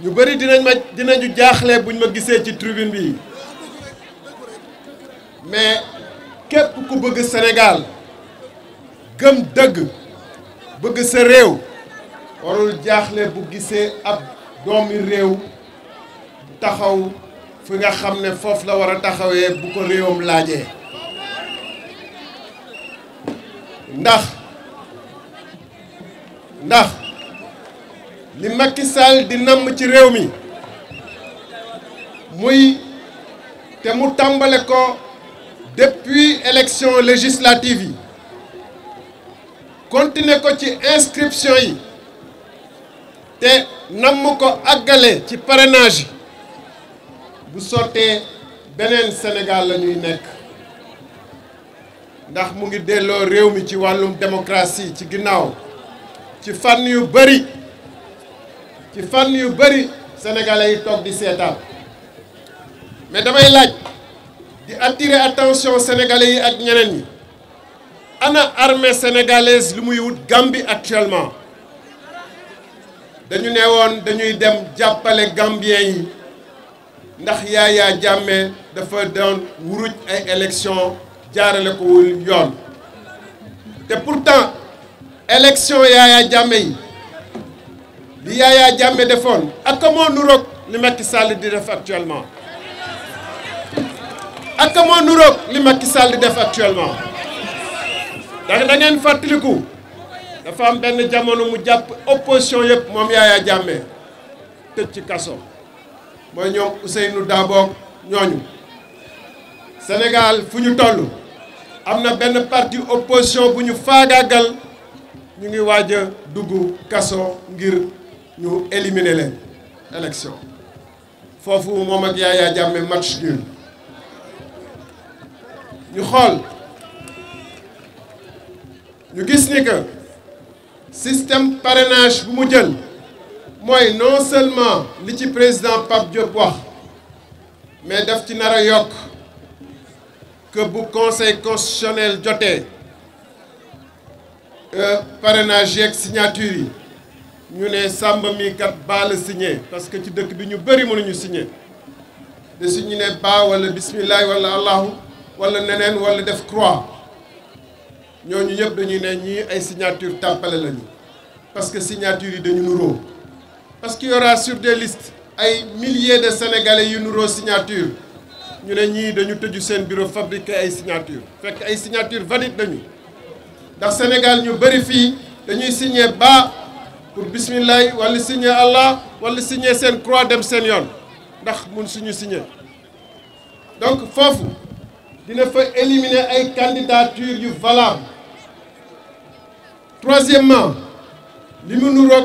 ñu bari dinañ ma dinañu jaaxle buñ ma gisee ci tribune bi mais képp ku bëgg Sénégal gëm dëgg bëgg sa réew warul jaaxle bu gisee ab doomi réew taxaw fi nga xam ne foofu la war a taxawee bu ko réewam laajee ndax ndax li Macky Sall di nam ci réew mi muy te mu tàmbale ko depuis élection législative yi continuer ko ci inscription yi te nam ko àggale ci parrainage bu sottee beneen Sénégal la ñuy nekk ndax mu ngi delloo réew mi ci wàllum démocratie ci ginnaaw ci fànn yu bëri ci fànn yu bëri sénégalais yi toog di seetaan mais damay laaj di attirer attention sénégalais yi ak ñeneen ñi ana armée sénégalaise lu muy wut Gambie actuellement dañu ne dañuy dem jàppale Gambien yi ndax yaaya Jammeh dafa doon wuruj ay élection jaarale ko wul yoon te pourtant élection Yaya Jammeh yi bi Yaya Jammeh defoon ak moo nuroog li Macky Sall di def actuellement ak moo nuroog li Macky Sall di def actuellement ndax da ngeen fàttaliku dafa am benn jamono mu jàpp opposition yëpp moom Yaya Jammeh tëj ci kaso mooy ñoom Ousseynou Dabo ñooñu. Sénégal fu nous Amna parti opposition bu ñu nous ngir ñu éliminer leen élection Nous ak Yaya match ñu nous gis que système parrainage bu non seulement li président Pape Diop mais que bu conseil constitutionnel jotee euh, parrainage yeeg signature nous ñu ne Samba mi kat baa signé parce que ci dëkk bi ñu bëri mënuñu signé de su ñu ne baa wala bismillah wala Allah wala neneen wala def croix ñoñu ñëpp dañuy né ñi ay signature tàmpale lañu parce que signature yi dañu ro parce qu'il y aura sur des listes ay milliers de sénégalais yu ro signature. Nous avons de dañu des bureau fabriqué ay signature signature valide Dans le Sénégal nous vérifions nous signé bas pour signé Allah ou signé Sen croix de Sénion. donc il faut éliminer les candidature valable troisièmement nous avons nuroog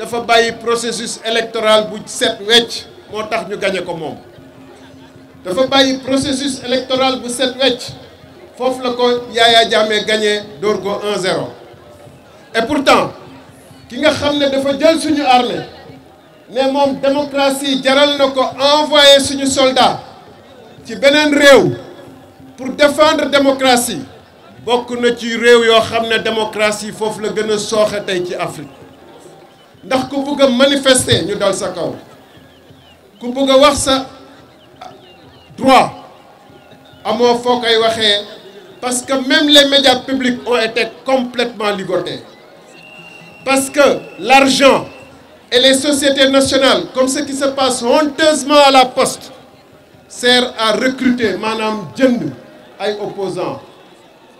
Il le processus électoral de 7 faut pour nous gagnions comme Il on. Le processus électoral de 7 il faut que nous gagnions d'orgo 1-0. Et pourtant, qui nous a ramené de faire des la démocratie, Djaral Noko, envoyé sous nos soldats, qui viennent de pour défendre la démocratie. il faut que qui gagnions la démocratie, faut que le gagne en Afrique ndax ku bëgg manifester ñu dal sa kaw ku bëgg a wax sa droit amoo foo koy waxee parce que même les médias publics ont été complètement ligotés parce que l'argent et les sociétés nationales comme ce qui se passe honteusement à la poste sert à recruter maanaam jënd ay opposants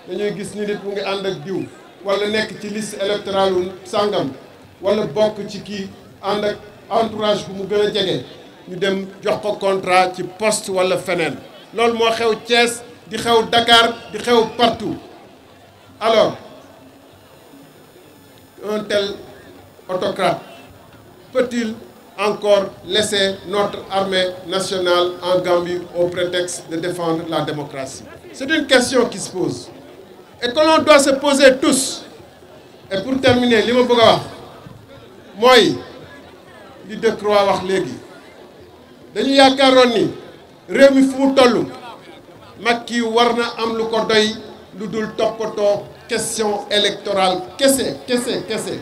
dañuy gis ni nit mu ngi ànd ak diw wala nekk ci liste électorale sangam wala le ci qui and ak entourage bu mu gën nous jege ñu dem jox ko contrat ci poste wala le loolu mo xew Thiès di xew Dakar di xew partout alors un tel autocrate peut-il encore laisser notre armée nationale en Gambie au prétexte de défendre la démocratie C'est une question qui se pose et que l'on doit se poser tous. Et pour terminer, Limo Bogawa mooy li croix wax legui dañu yakaron ni réew mi fu mu toll mag kii am lu ko doy lu dul toppatoo question électorale ce qu'est-ce?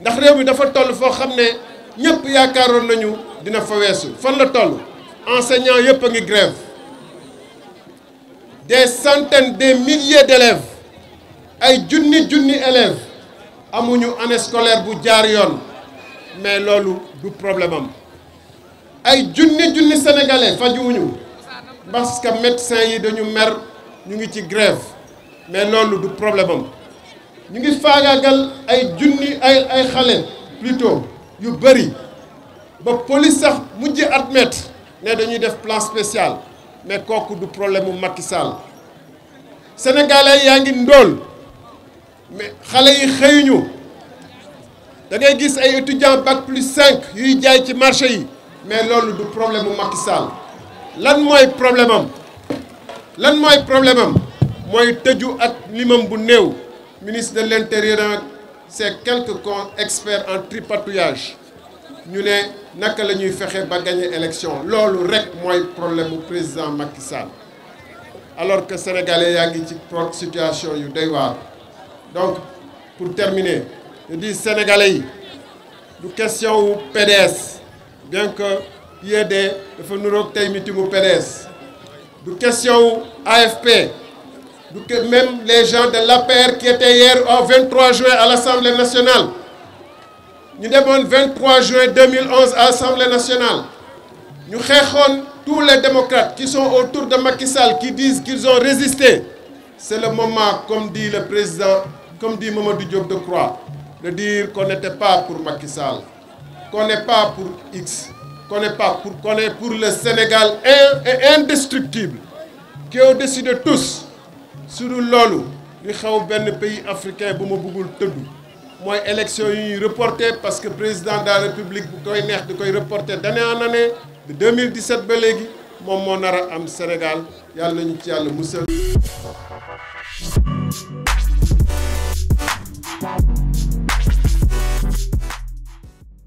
ndax réew mi dafa tollu fo xamné ne yakaron yaakaaroon nañu dina fa wessu fan la tollu enseignants yëpp ngi grève des centaines des milliers d'élèves ay junni junni élèves amuñu année scolaire bu jaar mais loolu du problème am ay junni junni sénégalais parce que médecin yi dañu mer ñu ngi ci grève mais loolu du problème am ñu ngi faagaagal ay junni ay ay xale plutôt yu bëri ba police sax admettre ne dañuy def plan spécial mais kooku du problème mu Macky Sall sénégalais yaa ngi mais xalé yi étudiants bac plus 5 yu ci marché mais lolu du problème Macky Sall lan problème am lan problème am ministre de l'Intérieur c'est quelques experts en tripatouillage Nous ne naka pas ba gagner élection rek problème au président Macky Sall alors que sénégalais ont situation yu donc pour terminer je dis sénégalais nous du question PDS bien que e des dafa et au PDS Nous question AFP que même les gens de l'APR qui étaient hier au 23 juin à l'Assemblée nationale nous le 23 juin 2011 à l'Assemblée nationale Nous xeexoon tous les démocrates qui sont autour de Macky Sall qui disent qu'ils ont résisté c'est le moment comme dit le président comme dit Mamadou Diop de Croix, de dire qu'on n'était pas pour Macky Sall, qu'on n'est pas pour X, qu'on n'est pas pour, qu'on est pour le Sénégal et indestructible, qui est au de tous. Sur l'olu, nous dans un pays africain qui est Moi, élection yi reportée parce que président de la république bu koy reporté d'année en année de 2017 ba léegi mom mo Sénégal yalla ñu ci